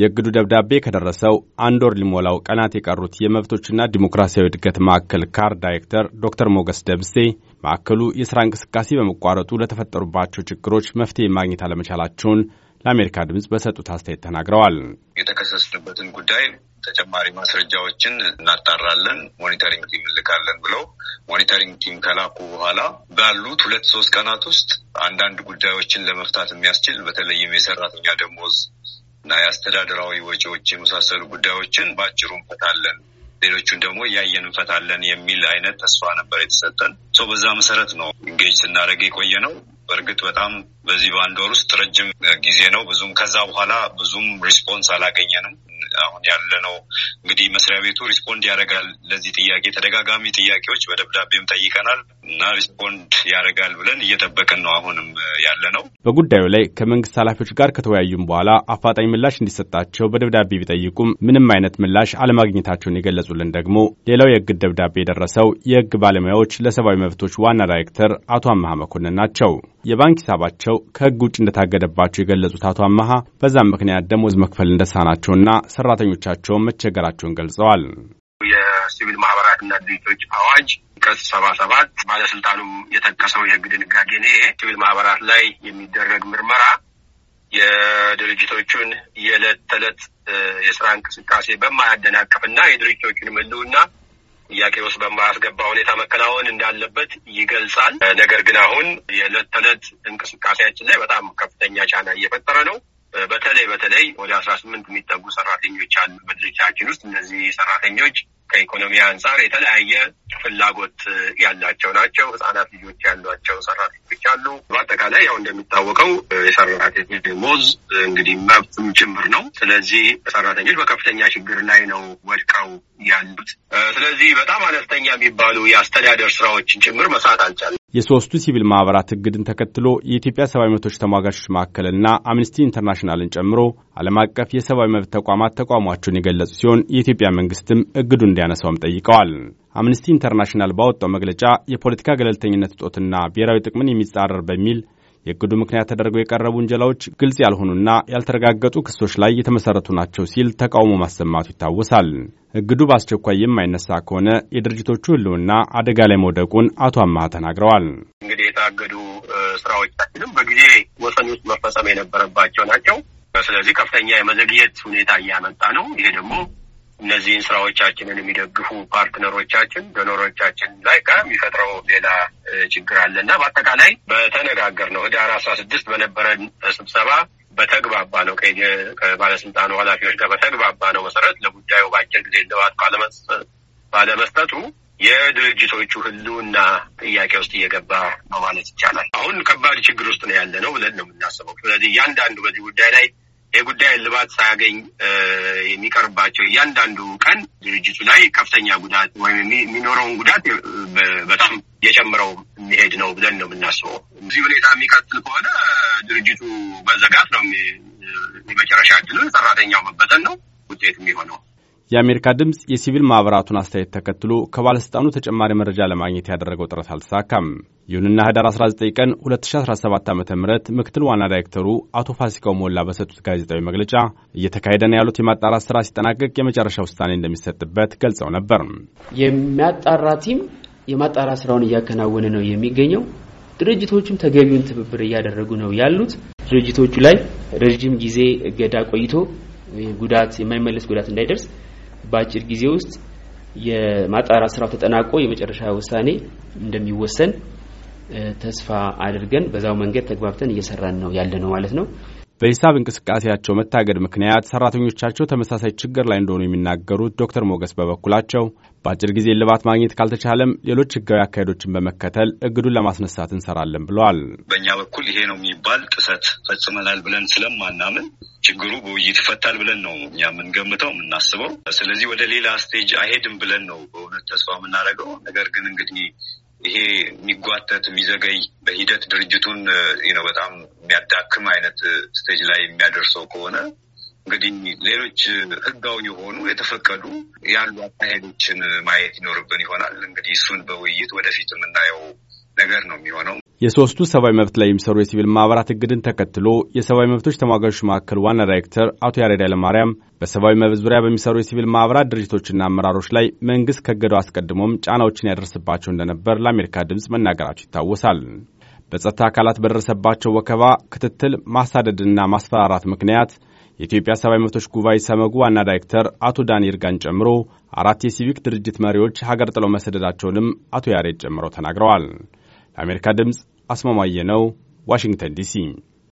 የእግዱ ደብዳቤ ከደረሰው አንድ ወር ሊሞላው ቀናት የቀሩት የመብቶችና ዲሞክራሲያዊ እድገት ማዕከል ካር ዳይሬክተር ዶክተር ሞገስ ደብሴ ማዕከሉ የሥራ እንቅስቃሴ በመቋረጡ ለተፈጠሩባቸው ችግሮች መፍትሄ ማግኘት አለመቻላቸውን ለአሜሪካ ድምፅ በሰጡት አስተያየት ተናግረዋል። የተከሰስንበትን ጉዳይ ተጨማሪ ማስረጃዎችን እናጣራለን፣ ሞኒተሪንግ ቲም እንልካለን ብለው ሞኒተሪንግ ቲም ከላኩ በኋላ ባሉት ሁለት ሶስት ቀናት ውስጥ አንዳንድ ጉዳዮችን ለመፍታት የሚያስችል በተለይም የሰራተኛ ደሞዝ እና የአስተዳደራዊ ወጪዎች የመሳሰሉ ጉዳዮችን በአጭሩ እንፈታለን፣ ሌሎቹን ደግሞ እያየን እንፈታለን የሚል አይነት ተስፋ ነበር የተሰጠን። በዛ መሰረት ነው እንጌጅ ስናደርግ የቆየ ነው። በእርግጥ በጣም በዚህ በአንድ ወር ውስጥ ረጅም ጊዜ ነው። ብዙም ከዛ በኋላ ብዙም ሪስፖንስ አላገኘንም። አሁን ያለነው እንግዲህ መስሪያ ቤቱ ሪስፖንድ ያደርጋል ለዚህ ጥያቄ። ተደጋጋሚ ጥያቄዎች በደብዳቤም ጠይቀናል። እና ሪስፖንድ ያደርጋል ብለን እየጠበቅን ነው አሁንም ያለ ነው። በጉዳዩ ላይ ከመንግስት ኃላፊዎች ጋር ከተወያዩም በኋላ አፋጣኝ ምላሽ እንዲሰጣቸው በደብዳቤ ቢጠይቁም ምንም አይነት ምላሽ አለማግኘታቸውን የገለጹልን ደግሞ ሌላው የእግድ ደብዳቤ የደረሰው የህግ ባለሙያዎች ለሰብአዊ መብቶች ዋና ዳይሬክተር አቶ አመሀ መኮንን ናቸው። የባንክ ሂሳባቸው ከህግ ውጭ እንደታገደባቸው የገለጹት አቶ አመሀ በዛም ምክንያት ደሞዝ መክፈል እንደሳናቸውና ሰራተኞቻቸውን መቸገራቸውን ገልጸዋል። የሲቪል ማህበራትና ድርጅቶች አዋጅ አንቀጽ ሰባ ሰባት ባለስልጣኑ የጠቀሰው የህግ ድንጋጌ እኔ ሲቪል ማህበራት ላይ የሚደረግ ምርመራ የድርጅቶቹን የዕለት ተዕለት የስራ እንቅስቃሴ በማያደናቅፍና የድርጅቶቹን ምልውና ጥያቄ ውስጥ በማያስገባ ሁኔታ መከናወን እንዳለበት ይገልጻል። ነገር ግን አሁን የዕለት ተዕለት እንቅስቃሴያችን ላይ በጣም ከፍተኛ ጫና እየፈጠረ ነው። በተለይ በተለይ ወደ አስራ ስምንት የሚጠጉ ሰራተኞች አሉ በድርጅታችን ውስጥ። እነዚህ ሰራተኞች ከኢኮኖሚ አንጻር የተለያየ ፍላጎት ያላቸው ናቸው። ህጻናት ልጆች ያሏቸው ሰራተኞች አሉ። በአጠቃላይ ያው እንደሚታወቀው የሰራተኞች ደሞዝ እንግዲህ መብትም ጭምር ነው። ስለዚህ ሰራተኞች በከፍተኛ ችግር ላይ ነው ወድቀው ያሉት። ስለዚህ በጣም አነስተኛ የሚባሉ የአስተዳደር ስራዎችን ጭምር መስራት አልቻለም። የሶስቱ ሲቪል ማህበራት እግድን ተከትሎ የኢትዮጵያ ሰብአዊ መብቶች ተሟጋቾች ማዕከልና አምነስቲ ኢንተርናሽናልን ጨምሮ ዓለም አቀፍ የሰብአዊ መብት ተቋማት ተቋሟቸውን የገለጹ ሲሆን የኢትዮጵያ መንግስትም እግዱ እንዲያነሳውም ጠይቀዋል። አምነስቲ ኢንተርናሽናል ባወጣው መግለጫ የፖለቲካ ገለልተኝነት እጦትና ብሔራዊ ጥቅምን የሚጻረር በሚል የእግዱ ምክንያት ተደርገው የቀረቡ ውንጀላዎች ግልጽ ያልሆኑና ያልተረጋገጡ ክሶች ላይ የተመሰረቱ ናቸው ሲል ተቃውሞ ማሰማቱ ይታወሳል። እግዱ በአስቸኳይ የማይነሳ ከሆነ የድርጅቶቹ ሕልውና አደጋ ላይ መውደቁን አቶ አማሃ ተናግረዋል። እንግዲህ የታገዱ ስራዎቻችንም በጊዜ ወሰን ውስጥ መፈጸም የነበረባቸው ናቸው። ስለዚህ ከፍተኛ የመዘግየት ሁኔታ እያመጣ ነው። ይሄ ደግሞ እነዚህን ስራዎቻችንን የሚደግፉ ፓርትነሮቻችን ዶኖሮቻችን ላይ ጋር የሚፈጥረው ሌላ ችግር አለ እና በአጠቃላይ በተነጋገር ነው ህዳር አስራ ስድስት በነበረን ስብሰባ በተግባባ ነው ከባለስልጣኑ ኃላፊዎች ጋር በተግባባ ነው መሰረት ለጉዳዩ በአጭር ጊዜ እልባት ባለመስጠቱ የድርጅቶቹ ህልውና ጥያቄ ውስጥ እየገባ ነው ማለት ይቻላል። አሁን ከባድ ችግር ውስጥ ነው ያለ ነው ብለን ነው የምናስበው። ስለዚህ እያንዳንዱ በዚህ ጉዳይ ላይ ይህ ጉዳይ ክትባት ሳያገኝ የሚቀርባቸው እያንዳንዱ ቀን ድርጅቱ ላይ ከፍተኛ ጉዳት ወይም የሚኖረውን ጉዳት በጣም የጨምረው የሚሄድ ነው ብለን ነው የምናስበው። እዚህ ሁኔታ የሚቀጥል ከሆነ ድርጅቱ መዘጋት ነው የመጨረሻ እድሉ፣ ሰራተኛው መበተን ነው ውጤት የሚሆነው። የአሜሪካ ድምፅ የሲቪል ማኅበራቱን አስተያየት ተከትሎ ከባለሥልጣኑ ተጨማሪ መረጃ ለማግኘት ያደረገው ጥረት አልተሳካም። ይሁንና ህዳር 19 ቀን 2017 ዓ ም ምክትል ዋና ዳይሬክተሩ አቶ ፋሲካው ሞላ በሰጡት ጋዜጣዊ መግለጫ እየተካሄደ ነው ያሉት የማጣራት ሥራ ሲጠናቀቅ የመጨረሻ ውሳኔ እንደሚሰጥበት ገልጸው ነበር። የሚያጣራ ቲም የማጣራት ሥራውን እያከናወነ ነው የሚገኘው። ድርጅቶቹም ተገቢውን ትብብር እያደረጉ ነው ያሉት። ድርጅቶቹ ላይ ረዥም ጊዜ እገዳ ቆይቶ ጉዳት የማይመለስ ጉዳት እንዳይደርስ በአጭር ጊዜ ውስጥ የማጣራት ስራው ተጠናቆ የመጨረሻ ውሳኔ እንደሚወሰን ተስፋ አድርገን በዛው መንገድ ተግባብተን እየሰራን ነው ያለ ነው ማለት ነው። በሂሳብ እንቅስቃሴያቸው መታገድ ምክንያት ሰራተኞቻቸው ተመሳሳይ ችግር ላይ እንደሆኑ የሚናገሩት ዶክተር ሞገስ በበኩላቸው በአጭር ጊዜ ልባት ማግኘት ካልተቻለም ሌሎች ህጋዊ አካሄዶችን በመከተል እግዱን ለማስነሳት እንሰራለን ብለዋል። በእኛ በኩል ይሄ ነው የሚባል ጥሰት ፈጽመናል ብለን ስለማናምን ችግሩ በውይይት ይፈታል ብለን ነው እኛ የምንገምተው የምናስበው። ስለዚህ ወደ ሌላ ስቴጅ አይሄድም ብለን ነው በእውነት ተስፋ የምናደርገው። ነገር ግን እንግዲህ ይሄ የሚጓተት የሚዘገይ በሂደት ድርጅቱን ነው በጣም የሚያዳክም አይነት ስቴጅ ላይ የሚያደርሰው ከሆነ እንግዲህ ሌሎች ህጋዊ የሆኑ የተፈቀዱ ያሉ አካሄዶችን ማየት ይኖርብን ይሆናል። እንግዲህ እሱን በውይይት ወደፊት የምናየው ነገር ነው የሚሆነው። የሶስቱ ሰብአዊ መብት ላይ የሚሰሩ የሲቪል ማኅበራት እግድን ተከትሎ የሰብአዊ መብቶች ተሟጋቾች መካከል ዋና ዳይሬክተር አቶ ያሬድ ኃይለማርያም በሰብአዊ መብት ዙሪያ በሚሰሩ የሲቪል ማኅበራት ድርጅቶችና አመራሮች ላይ መንግሥት ከእገዳው አስቀድሞም ጫናዎችን ያደርስባቸው እንደነበር ለአሜሪካ ድምፅ መናገራቸው ይታወሳል። በጸጥታ አካላት በደረሰባቸው ወከባ፣ ክትትል፣ ማሳደድና ማስፈራራት ምክንያት የኢትዮጵያ ሰብአዊ መብቶች ጉባኤ ሰመጉ ዋና ዳይሬክተር አቶ ዳኒ ይርጋን ጨምሮ አራት የሲቪክ ድርጅት መሪዎች ሀገር ጥለው መሰደዳቸውንም አቶ ያሬድ ጨምረው ተናግረዋል። የአሜሪካ ድምፅ አስማማየ ነው፣ ዋሽንግተን ዲሲ